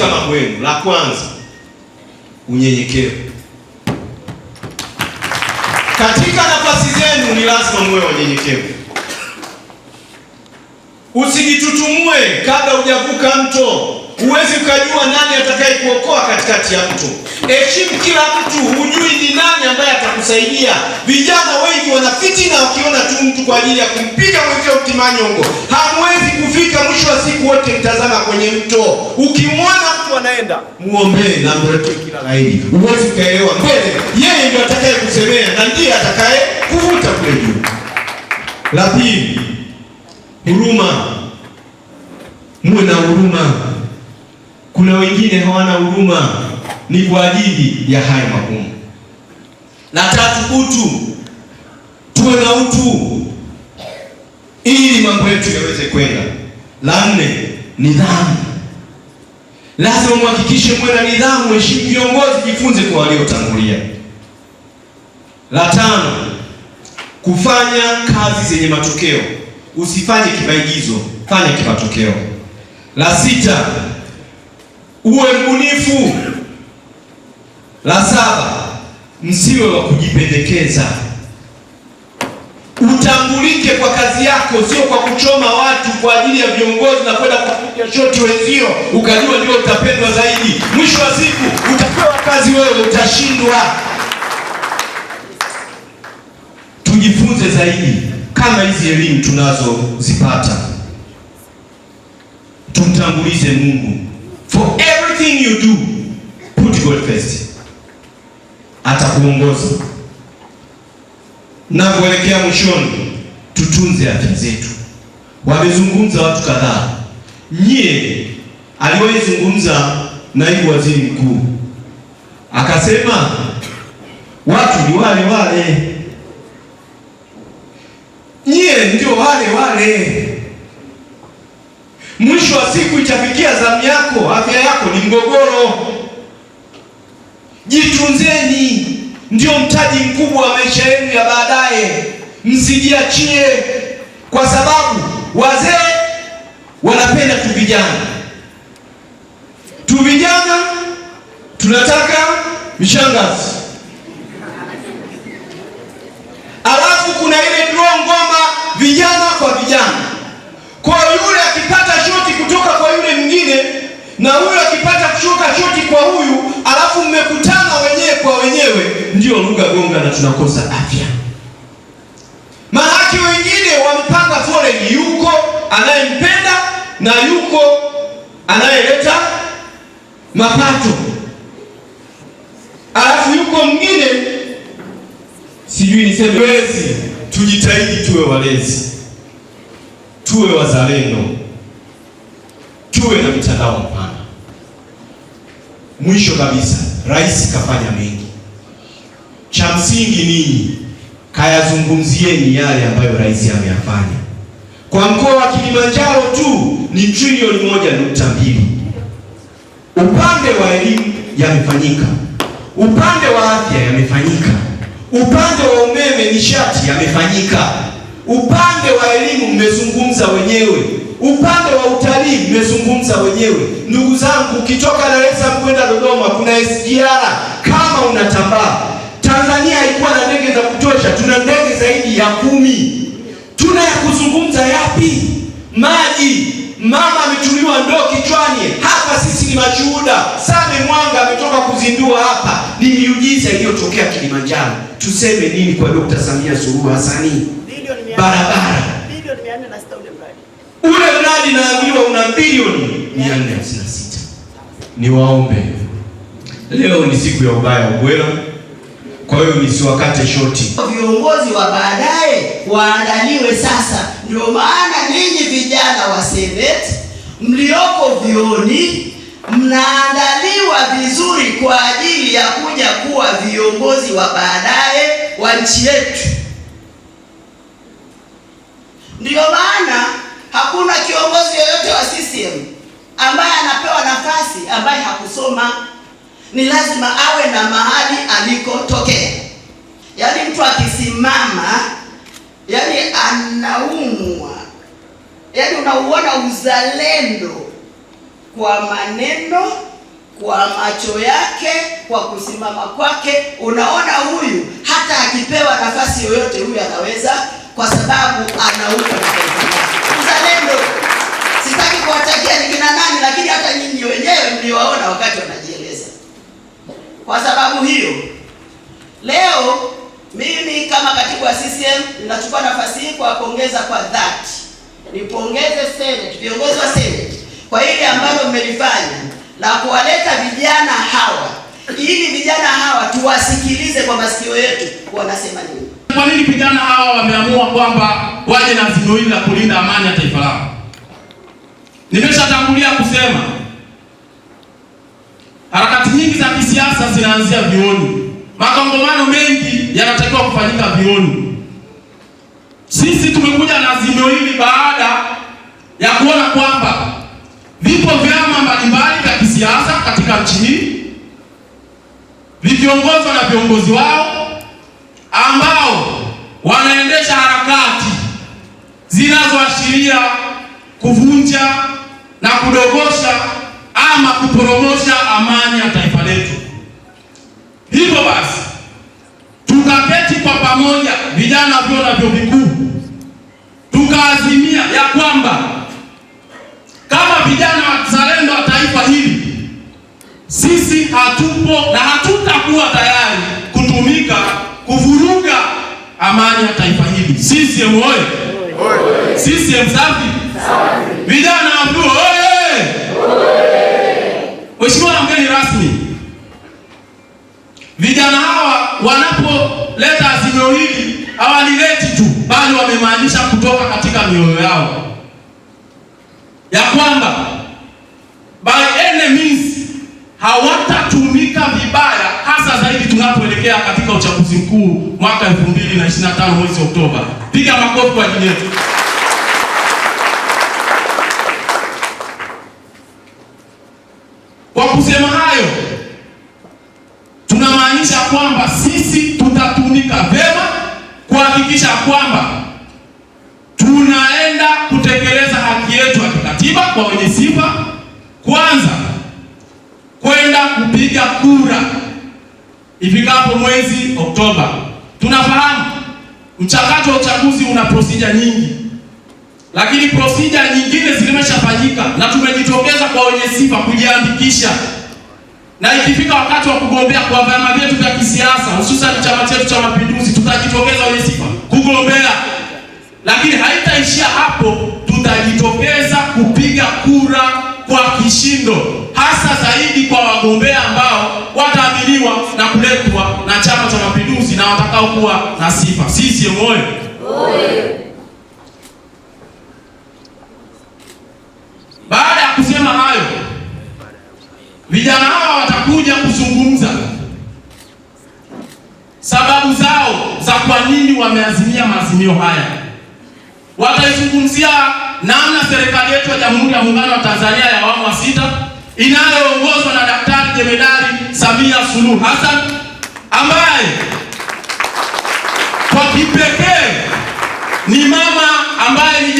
katika mambo yenu, la kwanza unyenyekevu. Katika nafasi zenu ni lazima muwe wanyenyekevu. Usijitutumue kabla hujavuka mto. Huwezi ukajua nani atakaye kuokoa katikati ya mtu. Heshimu kila mtu, hujui ni nani ambaye atakusaidia. Vijana wengi wana fitina, wakiona tu mtu kwa ajili ya kumpiga mwenzio mtimanyongo. Hamwezi kufika, mwisho wa siku wote mtazama kwenye mto. Ukimwona mtu anaenda, muombee na mletee kila laini. Huwezi ukaelewa mbele, yeye ndiye atakaye kusemea na ndiye atakaye kuvuta kule juu. La pili, huruma, muwe na huruma kuna wengine hawana huruma, ni kwa ajili ya haya magumu. La tatu, utu. Tuwe na utu ili mambo yetu yaweze kwenda. La nne, nidhamu. Lazima muhakikishe mwe na nidhamu, heshimu viongozi, jifunze kwa waliotangulia. La tano, kufanya kazi zenye matokeo. Usifanye kibaigizo, fanya kimatokeo. La sita uwe mbunifu. La saba, msiwe wa kujipendekeza. Utambulike kwa kazi yako, sio kwa kuchoma watu kwa ajili ya viongozi na kwenda kupiga shoti wenzio ukajua ndio utapendwa zaidi. Mwisho wa siku utapewa kazi wewe, utashindwa. Tujifunze zaidi kama hizi elimu tunazozipata, tumtangulize Mungu. For everything you do, put God first. Atakuongoza. Na kuelekea mwishoni, tutunze afya zetu. Wamezungumza watu kadhaa. Nyie aliwahi zungumza naibu waziri mkuu akasema watu ni wale wale, nyie ndio wale wale mwisho wa siku itafikia zamu yako, afya yako ni mgogoro. Jitunzeni, ndio mtaji mkubwa wa maisha yenu ya baadaye. Msijiachie, kwa sababu wazee wanapenda tu vijana. Tu vijana tunataka vishangazi na tunakosa afya. Mahaki wengine wampanga foreign, yuko anayempenda na yuko anayeleta mapato, alafu yuko mwingine sijui niseme. Walezi, tujitahidi tuwe walezi, tuwe wazalendo, tuwe na mitandao mpana. Mwisho kabisa, rais kafanya mengi cha msingi ninyi kayazungumzieni yale ambayo rais ameyafanya. Kwa mkoa wa Kilimanjaro tu ni trilioni moja nukta mbili. Upande wa elimu yamefanyika, upande wa afya yamefanyika, upande wa umeme nishati yamefanyika, upande wa elimu mmezungumza wenyewe, upande wa utalii mmezungumza wenyewe. Ndugu zangu, ukitoka Dar es Salaam kwenda Dodoma kuna SGR kama unatambaa haikuwa na ndege za kutosha, tuna ndege zaidi ya kumi. Tuna ya kuzungumza yapi? Maji, mama ametuliwa ndoo kichwani. Hapa sisi ni mashuhuda. Same Mwanga ametoka kuzindua hapa, ni miujiza iliyotokea Kilimanjaro. Tuseme nini kwa Dokta Samia Suluhu hasani Barabara ule mradi naambiwa una bilioni sita. Niwaombe, leo ni siku ya ubaya wa Ugwela kwa hiyo nisiwakate shoti. Viongozi wa baadaye waandaliwe sasa. Ndio maana ninyi vijana wa Seneti mlioko vioni mnaandaliwa vizuri kwa ajili ya kuja kuwa viongozi wa baadaye wa nchi yetu. Ndiyo maana hakuna kiongozi yoyote wa CCM ambaye anapewa nafasi ambaye hakusoma ni lazima awe na mahali alikotokea. Yaani mtu akisimama, yani anaumwa, yani unauona uzalendo kwa maneno, kwa macho yake, kwa kusimama kwake, unaona huyu hata akipewa nafasi yoyote huyu anaweza, kwa sababu anaumwa uzalendo. Sitaki kuwatakia ni kina nani, lakini hata nyinyi wenyewe mliwaona wakati wanajia kwa sababu hiyo leo mimi kama katibu wa CCM ninachukua nafasi hii kuwapongeza kwa dhati, nipongeze Senate, viongozi wa Senate kwa ile ambayo mmelifanya la kuwaleta vijana hawa, ili vijana hawa tuwasikilize kwa masikio yetu wanasema nini. Kwa nini vijana hawa wameamua kwamba waje na azimio hili la kulinda amani ya taifa lao? Nimeshatangulia kusema Harakati nyingi za kisiasa zinaanzia vioni. Makongomano mengi yanatakiwa kufanyika vioni. Sisi tumekuja na azimio hili baada ya kuona kwamba vipo vyama mbalimbali vya kisiasa katika nchi hii vikiongozwa na viongozi wao ambao wanaendesha harakati zinazoashiria kuvunja na kudogosha ama kuporomosha amani ya taifa letu. Hivyo basi, tukaketi kwa pamoja, vijana wa vyuo na vyuo vikuu, tukaazimia ya kwamba kama vijana wa kizalendo wa taifa hili, sisi hatupo na hatutakuwa tayari kutumika kuvuruga amani ya taifa hili. CCM e. oye! CCM safi! Vijana wa vyuo Mheshimiwa mgeni rasmi, vijana hawa wanapoleta azimio hili hawalileti tu, bali wamemaanisha kutoka katika mioyo yao ya kwamba by any means hawatatumika vibaya, hasa zaidi tunapoelekea katika uchaguzi mkuu mwaka 2025 mwezi Oktoba. Piga makofi kwa ajili yetu. Kwa kusema hayo, tunamaanisha kwamba sisi tutatumika vyema kuhakikisha kwamba tunaenda kutekeleza haki yetu ya kikatiba kwa wenye sifa, kwanza kwenda kupiga kura ifikapo mwezi Oktoba. Tunafahamu mchakato wa uchaguzi una prosija nyingi lakini procedure nyingine zimeshafanyika na tumejitokeza kwa wenye sifa kujiandikisha, na ikifika wakati wa kugombea kwa vyama vyetu vya kisiasa hususan chama chetu cha Mapinduzi, tutajitokeza wenye sifa kugombea, lakini haitaishia hapo, tutajitokeza kupiga kura kwa kishindo, hasa zaidi kwa wagombea ambao wataaminiwa na kuletwa na Chama cha Mapinduzi na watakaokuwa na sifa. Sisi moyo maazimio haya. Wataizungumzia namna serikali yetu ya Jamhuri ya Muungano wa Tanzania ya awamu ya sita inayoongozwa na Daktari Jemedari Samia Suluhu Hassan ambaye kwa kipekee ni mama ambaye